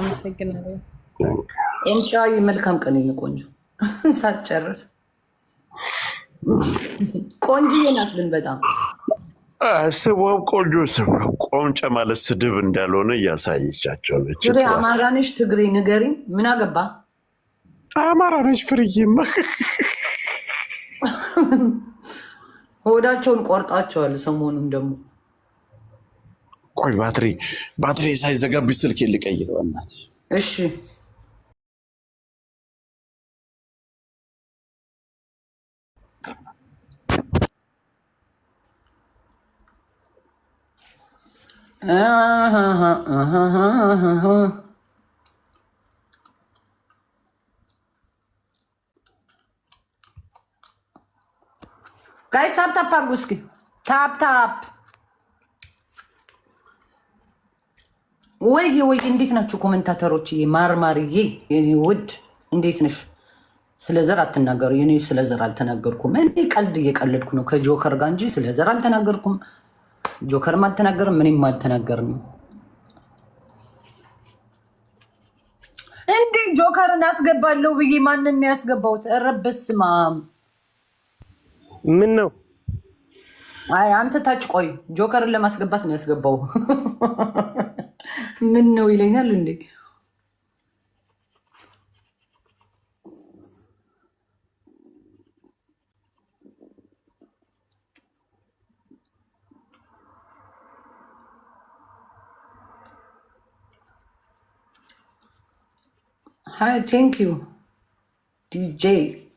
አመሰግናለሁ። መልካም ቀን ቆንጆ። ሳትጨርስ ቆንጅዬ ናት ግን በጣም ስቧም ቆንጆ ስም ነው። ቆንጨ ማለት ስድብ እንዳልሆነ እያሳየቻቸው ነች። አማራ ትግሬ ንገሪ፣ ምን አገባ? አማራ ነች ፍርዬማ። ሆዳቸውን ቆርጣቸዋል። ሰሞኑን ደግሞ ቆይ ባትሪ ባትሪ ሳይዘጋብሽ ስልክ ልቀይር። በእናትሽ እሺ። ጋይስ ታፕ ታፕ አድርጉ እስኪ ታፕ ታፕ ወይ ወይ፣ እንዴት ናችሁ ኮመንታተሮች? ማርማርዬ የኔ ውድ እንዴት ነሽ? ስለ ዘር አትናገሩ። የኔ ስለ ዘር አልተናገርኩም። እኔ ቀልድ እየቀለድኩ ነው ከጆከር ጋር እንጂ ስለ ዘር አልተናገርኩም። ጆከርም አልተናገርም፣ ምንም አልተናገርም። እንዴ ጆከርን አስገባለሁ ብዬ ማንን ነው ያስገባሁት? ኧረ በስመ አብ! ምን ነው? አይ አንተ ታች ቆይ፣ ጆከርን ለማስገባት ነው ያስገባው നിന്നെ ഒയിലുണ്ട് Hi, thank you, DJ.